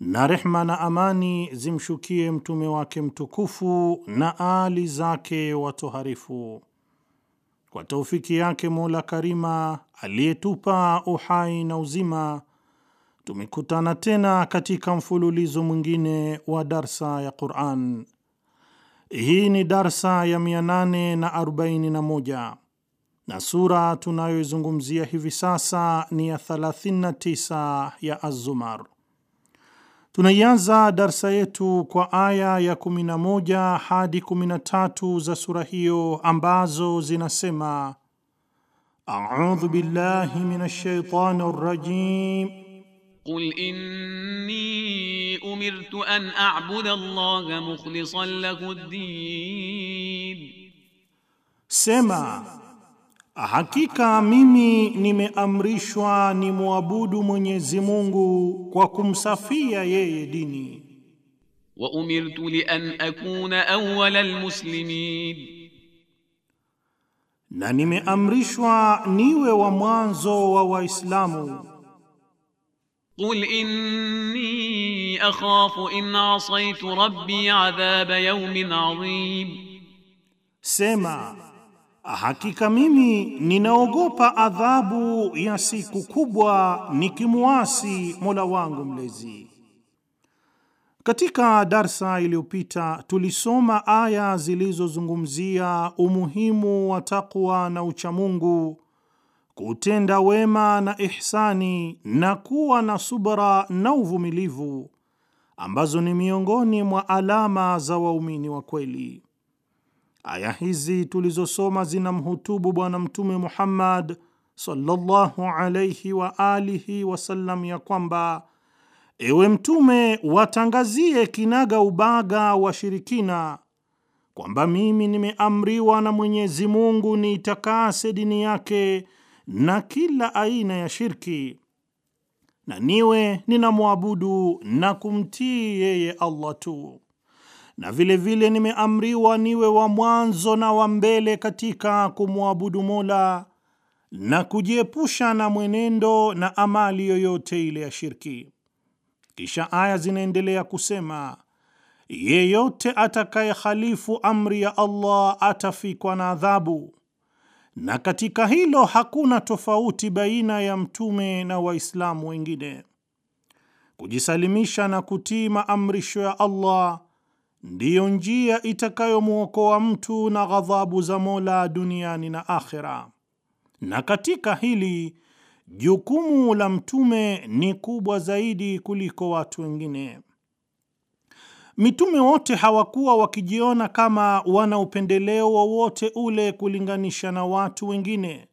na rehma na amani zimshukie mtume wake mtukufu na aali zake watoharifu. Kwa taufiki yake Mola Karima aliyetupa uhai na uzima, tumekutana tena katika mfululizo mwingine wa darsa ya Quran. Hii ni darsa ya 841 na, na sura tunayoizungumzia hivi sasa ni ya 39 ya Az-Zumar. Tunaianza darsa yetu kwa aya ya 11 hadi 13 za sura hiyo ambazo zinasema: audhu billahi minash shaitani rajim qul inni umirtu an a'budu allaha mukhlishan lahu ddin, sema Hakika mimi nimeamrishwa ni muabudu Mwenyezi Mungu kwa kumsafia yeye dini. Wa umirtu li an akuna awwala almuslimin, na nimeamrishwa niwe wa mwanzo wa Waislamu. Qul inni akhafu in asaitu rabbi adhaba yawmin adhim, sema Hakika mimi ninaogopa adhabu ya siku kubwa nikimuasi Mola wangu mlezi. Katika darsa iliyopita tulisoma aya zilizozungumzia umuhimu wa takwa na uchamungu, kutenda wema na ihsani, na kuwa na subra na uvumilivu, ambazo ni miongoni mwa alama za waumini wa kweli. Aya hizi tulizosoma zinamhutubu Bwana Mtume Muhammad sallallahu alayhi wa alihi wasallam, ya kwamba ewe Mtume, watangazie kinaga ubaga washirikina kwamba mimi nimeamriwa na Mwenyezi Mungu niitakase dini yake na kila aina ya shirki na niwe ninamwabudu na kumtii yeye Allah tu na vilevile vile nimeamriwa niwe wa mwanzo na wa mbele katika kumwabudu Mola na kujiepusha na mwenendo na amali yoyote ile ya shirki. Kisha aya zinaendelea kusema, yeyote atakayehalifu amri ya Allah atafikwa na adhabu, na katika hilo hakuna tofauti baina ya mtume na Waislamu wengine. Kujisalimisha na kutii maamrisho ya Allah ndiyo njia itakayomwokoa mtu na ghadhabu za Mola duniani na akhera. Na katika hili jukumu la mtume ni kubwa zaidi kuliko watu wengine. Mitume wote hawakuwa wakijiona kama wana upendeleo wowote ule kulinganisha na watu wengine,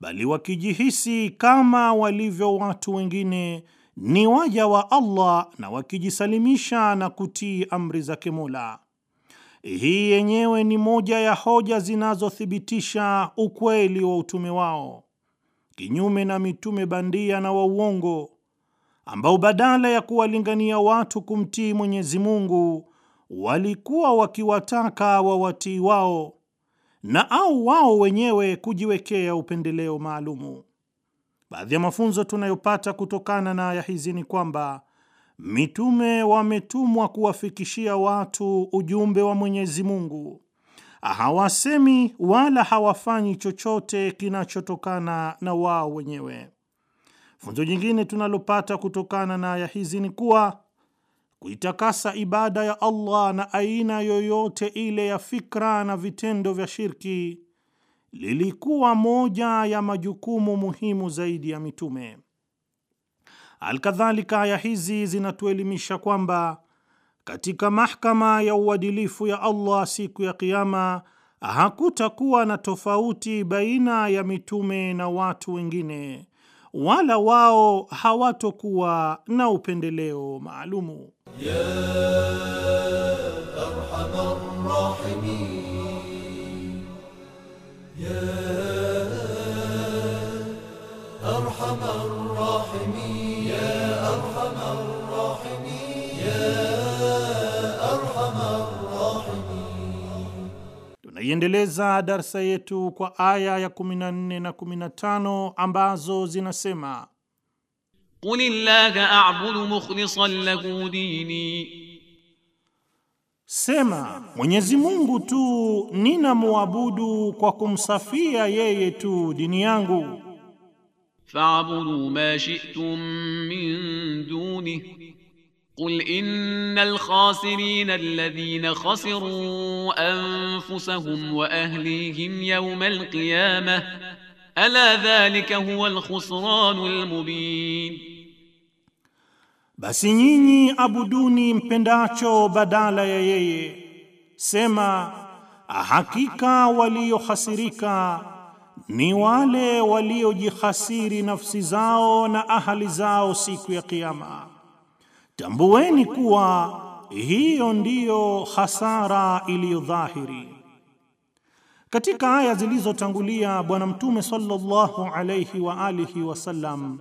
bali wakijihisi kama walivyo watu wengine ni waja wa Allah na wakijisalimisha na kutii amri zake Mola. Hii yenyewe ni moja ya hoja zinazothibitisha ukweli wa utume wao, kinyume na mitume bandia na wa uongo ambao badala ya kuwalingania watu kumtii Mwenyezi Mungu walikuwa wakiwataka wawatii wao na au wao wenyewe kujiwekea upendeleo maalumu. Baadhi ya mafunzo tunayopata kutokana na aya hizi ni kwamba mitume wametumwa kuwafikishia watu ujumbe wa Mwenyezi Mungu, hawasemi wala hawafanyi chochote kinachotokana na wao wenyewe. Funzo jingine tunalopata kutokana na aya hizi ni kuwa kuitakasa ibada ya Allah na aina yoyote ile ya fikra na vitendo vya shirki lilikuwa moja ya majukumu muhimu zaidi ya mitume. Alkadhalika, aya hizi zinatuelimisha kwamba katika mahakama ya uadilifu ya Allah siku ya Kiama hakutakuwa na tofauti baina ya mitume na watu wengine, wala wao hawatokuwa na upendeleo maalumu ya Tunaiendeleza darsa yetu kwa aya ya 14 na 15 ambazo zinasema, Qul a'budu mukhlishan lahu dini Sema, Mwenyezi Mungu tu ninamwabudu kwa kumsafia yeye tu dini yangu. Fa'budu ma shi'tum min duni Qul innal khasirina alladhina khasiru anfusahum wa ahlihim yawmal qiyamah ala dhalika huwal khusranul mubin Basi nyinyi abuduni mpendacho badala ya yeye. Sema, hakika waliohasirika ni wale waliojihasiri nafsi zao na ahali zao siku ya Kiyama. Tambueni kuwa hiyo ndiyo hasara iliyo dhahiri. Katika aya zilizotangulia, Bwana Mtume sallallahu alayhi wa alihi wasallam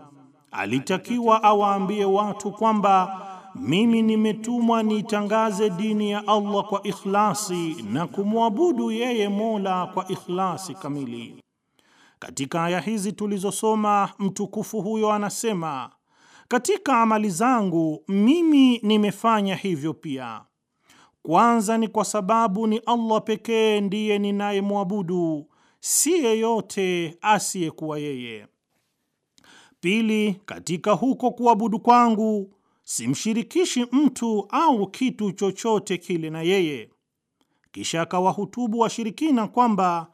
alitakiwa awaambie watu kwamba mimi nimetumwa niitangaze dini ya Allah kwa ikhlasi na kumwabudu yeye Mola kwa ikhlasi kamili. Katika aya hizi tulizosoma, mtukufu huyo anasema, katika amali zangu mimi nimefanya hivyo pia. Kwanza ni kwa sababu ni Allah pekee ndiye ninayemwabudu, si yeyote asiyekuwa yeye. Pili, katika huko kuabudu kwangu simshirikishi mtu au kitu chochote kile na yeye. Kisha akawahutubu washirikina kwamba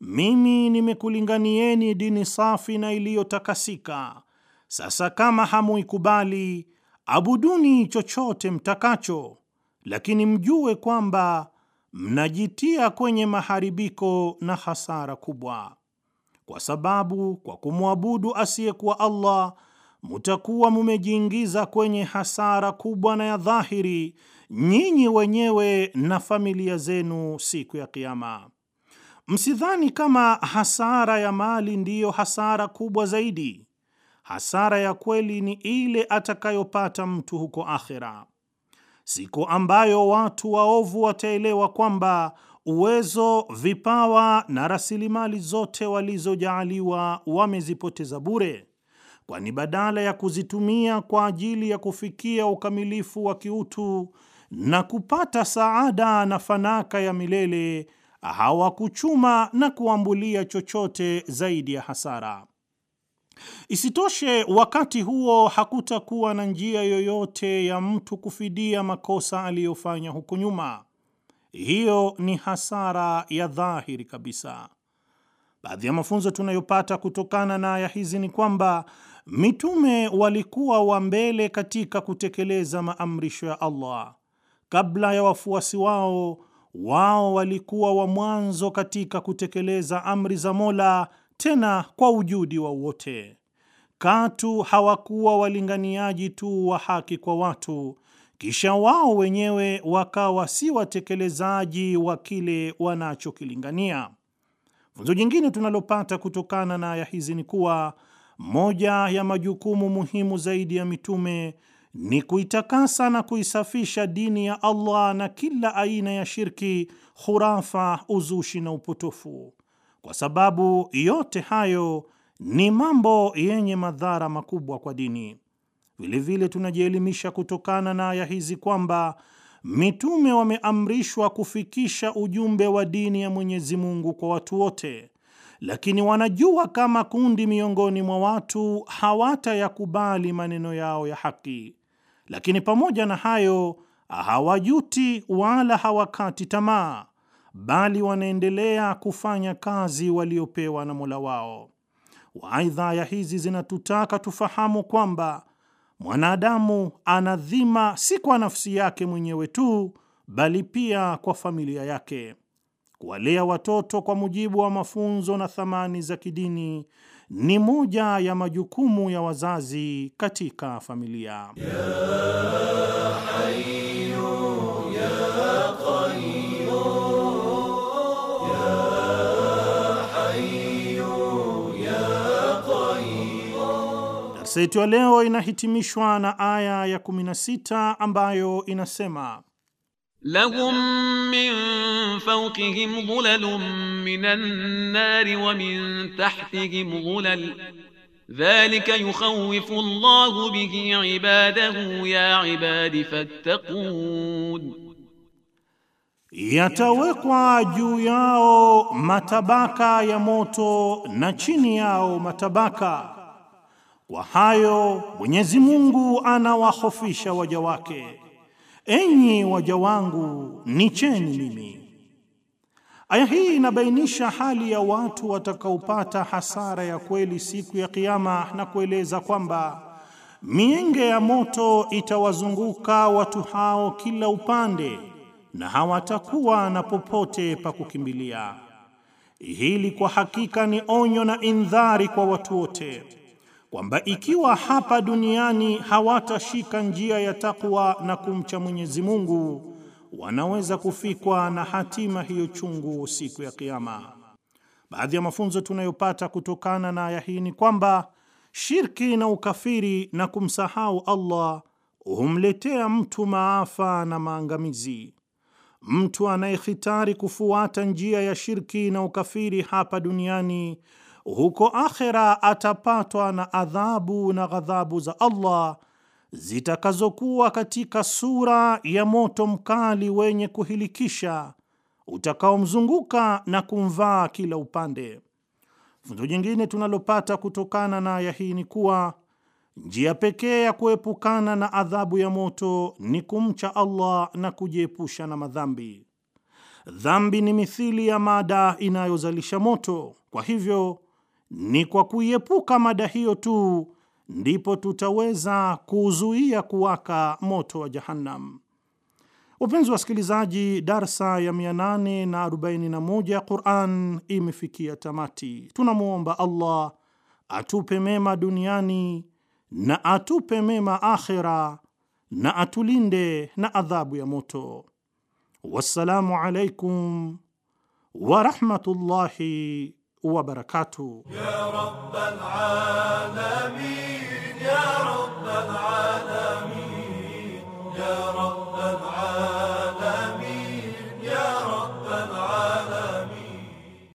mimi nimekulinganieni dini safi na iliyotakasika. Sasa kama hamuikubali, abuduni chochote mtakacho, lakini mjue kwamba mnajitia kwenye maharibiko na hasara kubwa kwa sababu kwa kumwabudu asiyekuwa Allah mutakuwa mumejiingiza kwenye hasara kubwa na ya dhahiri nyinyi wenyewe na familia zenu siku ya Kiyama. Msidhani kama hasara ya mali ndiyo hasara kubwa zaidi. Hasara ya kweli ni ile atakayopata mtu huko akhera, siku ambayo watu waovu wataelewa kwamba uwezo, vipawa na rasilimali zote walizojaaliwa wamezipoteza bure, kwani badala ya kuzitumia kwa ajili ya kufikia ukamilifu wa kiutu na kupata saada na fanaka ya milele, hawakuchuma na kuambulia chochote zaidi ya hasara. Isitoshe, wakati huo hakutakuwa na njia yoyote ya mtu kufidia makosa aliyofanya huko nyuma. Hiyo ni hasara ya dhahiri kabisa. Baadhi ya mafunzo tunayopata kutokana na aya hizi ni kwamba mitume walikuwa wa mbele katika kutekeleza maamrisho ya Allah. Kabla ya wafuasi wao, wao walikuwa wa mwanzo katika kutekeleza amri za Mola, tena kwa ujudi wa wote. Katu hawakuwa walinganiaji tu wa haki kwa watu kisha wao wenyewe wakawa si watekelezaji wa kile wanachokilingania. Funzo jingine tunalopata kutokana na aya hizi ni kuwa moja ya majukumu muhimu zaidi ya mitume ni kuitakasa na kuisafisha dini ya Allah na kila aina ya shirki, hurafa uzushi na upotofu, kwa sababu yote hayo ni mambo yenye madhara makubwa kwa dini. Vilevile tunajielimisha kutokana na aya hizi kwamba mitume wameamrishwa kufikisha ujumbe wa dini ya Mwenyezi Mungu kwa watu wote, lakini wanajua kama kundi miongoni mwa watu hawatayakubali maneno yao ya haki, lakini pamoja na hayo hawajuti wala hawakati tamaa, bali wanaendelea kufanya kazi waliopewa na Mola wao. Waaidha, aya hizi zinatutaka tufahamu kwamba mwanadamu ana dhima si kwa nafsi yake mwenyewe tu, bali pia kwa familia yake. Kuwalea watoto kwa mujibu wa mafunzo na thamani za kidini ni moja ya majukumu ya wazazi katika familia ya Darsa yetu ya leo inahitimishwa na aya ya 16 ambayo inasema lahum min fawqihim dhulalun minan nari wa min tahtihim dhulal dhalika yukhawifu Allahu bihi ibadahu ya ibadi fattaqun Yatawekwa juu yao matabaka ya moto na chini yao matabaka kwa hayo Mwenyezi Mungu anawahofisha waja wake. Enyi waja wangu, nicheni mimi. Aya hii inabainisha hali ya watu watakaopata hasara ya kweli siku ya Kiyama na kueleza kwamba mienge ya moto itawazunguka watu hao kila upande na hawatakuwa na popote pa kukimbilia. Hili kwa hakika ni onyo na indhari kwa watu wote kwamba ikiwa hapa duniani hawatashika njia ya takwa na kumcha Mwenyezi Mungu, wanaweza kufikwa na hatima hiyo chungu siku ya Kiyama. Baadhi ya mafunzo tunayopata kutokana na aya hii ni kwamba shirki na ukafiri na kumsahau Allah humletea mtu maafa na maangamizi. Mtu anayehitari kufuata njia ya shirki na ukafiri hapa duniani huko akhera atapatwa na adhabu na ghadhabu za Allah zitakazokuwa katika sura ya moto mkali wenye kuhilikisha utakaomzunguka na kumvaa kila upande. Funzo jingine tunalopata kutokana na aya hii ni kuwa njia pekee ya kuepukana na adhabu ya moto ni kumcha Allah na kujiepusha na madhambi. Dhambi ni mithili ya mada inayozalisha moto, kwa hivyo ni kwa kuiepuka mada hiyo tu ndipo tutaweza kuzuia kuwaka moto wa Jahannam. Wapenzi wasikilizaji, darsa ya 841 ya Quran imefikia tamati. Tunamwomba Allah atupe mema duniani na atupe mema akhera na atulinde na adhabu ya moto. Wassalamu alaikum warahmatullahi وبركاته يا رب العالمين يا رب العالمين يا رب